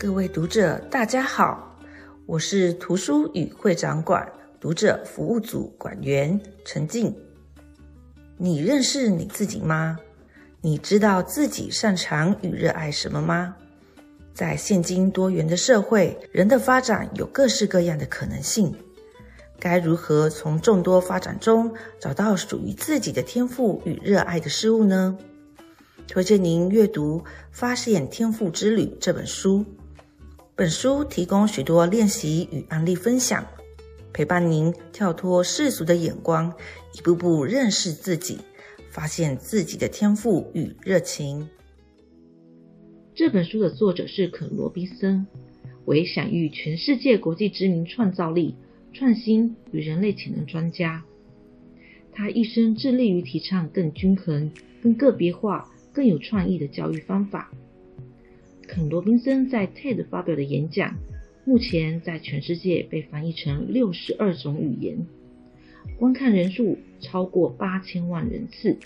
各位讀者，大家好，我是圖書與會展館讀者服務組館員陳靜。你認識你自己嗎？你知道自己擅長與熱愛什麼嗎？在現今多元的社會，人的發展有各式各樣的可能性。該如何從眾多發展中找到屬於自己的天賦與熱愛的事物呢？推薦您閱讀《發現天賦之旅》這本書。本書提供許多練習與案例分享，陪伴您跳脫世俗的眼光，一步步認識自己，發現自己的天賦與熱情。這本書的作者是肯·羅賓森，為享譽全世界、國際知名創造力、創新與人類潛能專家。他一生致力於提倡更均衡、更個別化、更有創意的教育方法。肯·羅賓森在 TED 發表的演講，目前在全世界被翻譯成六十二種語言，觀看人數超過八千萬人次。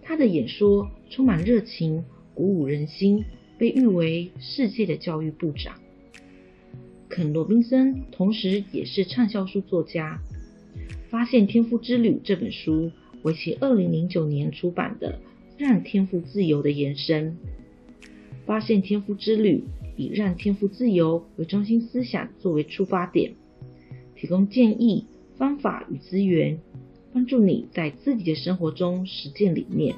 他的演說充滿熱情，鼓舞人心，被譽為“世界的教育部長”。肯·羅賓森同時也是暢銷書作家，《發現天賦之旅》這本書為其二零零九年出版的《讓天賦自由》的延伸。發現天賦之旅，以讓天賦自由為中心思想作為出發點，提供建議、方法與資源，幫助你在自己的生活中實踐理念。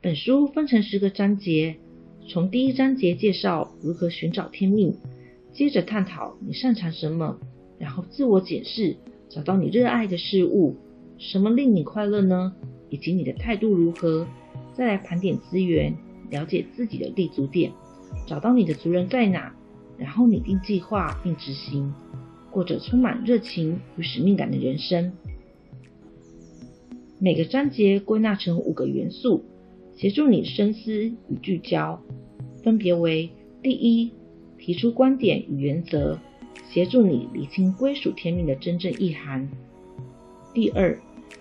本書分成十個章節，從第一章節介紹如何尋找天命，接着探討你擅長什麼，然後自我檢視，找到你熱愛的事物。什麼令你快樂呢？以及你的態度如何？再來盤點資源，了解自己的立足點，找到你的族人在哪，然後擬定計劃並執行，過着充滿熱情與使命感的人生。每個章節歸納成五個元素，協助你深思與聚焦，分別為：第一，提出觀點與原則，協助你理清歸屬天命的真正意涵；第二，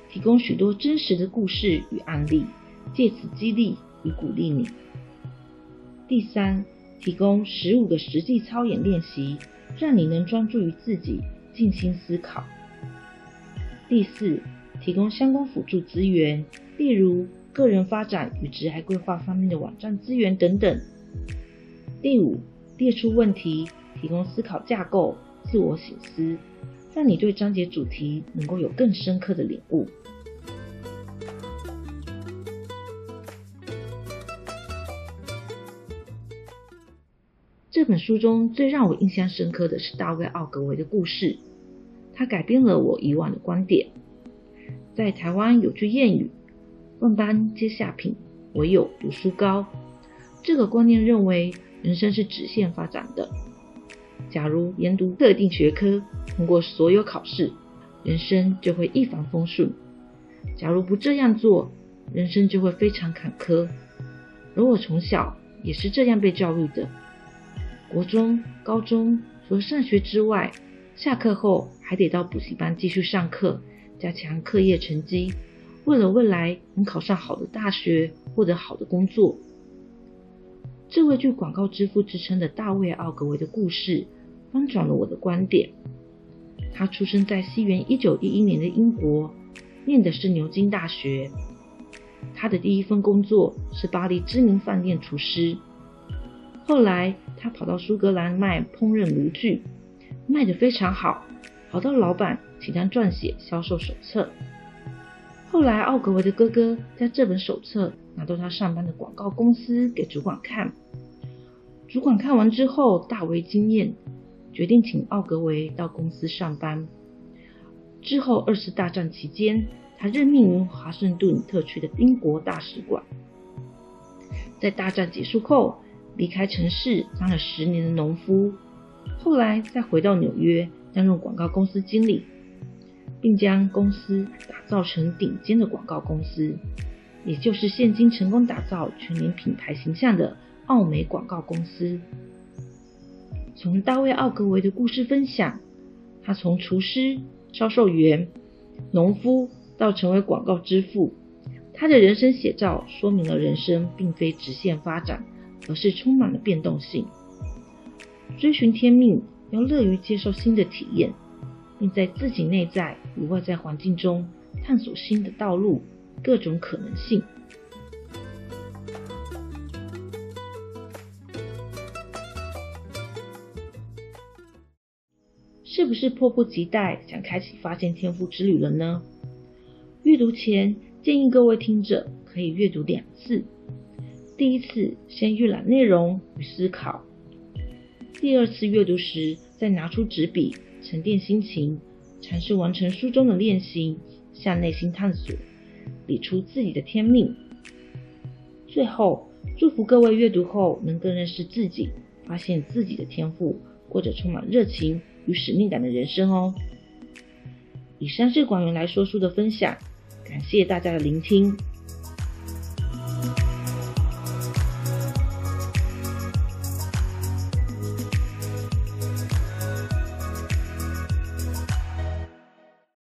提供許多真實的故事與案例，借此激勵與鼓勵你。第三，提供十五個實際操演練習，讓你能專注於自己，靜心思考。第四，提供相關輔助資源，例如個人發展與職涯規劃方面的網站資源等等。第五，列出問題，提供思考架構，自我省思。讓你對章節主題能夠有更深刻的領悟。這本書中最讓我印象深刻的是大衛·奧格維的故事，他改變了我以往的觀點。在台灣有句諺語：“萬般皆下品，唯有讀書高。”這個觀念認為人生是直線發展的。假如研讀特定學科，通過所有考試，人生就會一帆風順；假如不這樣做，人生就會非常坎坷。而我從小也是這樣被教育的：國中、高中，除了上學之外，下課後還得到補習班繼續上課，加強課業成績，為了未來能考上好的大學，獲得好的工作。這位具“廣告之父”之稱的大衛·奧格維的故事，翻轉了我的觀點。他出生在西元1911年的英國，念的是牛津大學。他的第一份工作是巴黎知名飯店廚師，後來他跑到蘇格蘭賣烹飪爐具，賣得非常好，跑到老闆請他撰寫銷售手冊。後來，奧格維的哥哥將這本手冊拿到他上班的廣告公司給主管看，主管看完之後大為驚豔，決定請奧格維到公司上班。之後，二次大戰期間，他任命於華盛頓特區的英國大使館。在大戰結束後，離開城市當了十年的農夫，後來再回到紐約擔任廣告公司經理。並將公司打造成頂尖的廣告公司，也就是現今成功打造全年品牌形象的奧美廣告公司。從大衛·奧格維的故事分享，他從廚師、銷售員、農夫到成為廣告之父，他的人生寫照說明了人生並非直線發展，而是充滿了變動性。追尋天命，要樂於接受新的體驗。並在自己內在與外在環境中探索新的道路、各種可能性。是不是迫不及待想開啟發現天賦之旅了呢？閱讀前建議各位聽者可以閱讀兩次，第一次先預覽內容與思考。第二次閱讀時，再拿出紙筆，沉澱心情，嘗試完成書中的練習，向內心探索，理出自己的天命。最後，祝福各位閱讀後能更認識自己，發現自己的天賦，過著充滿熱情與使命感的人生哦。以上是廣源來說書的分享，感謝大家的聆聽。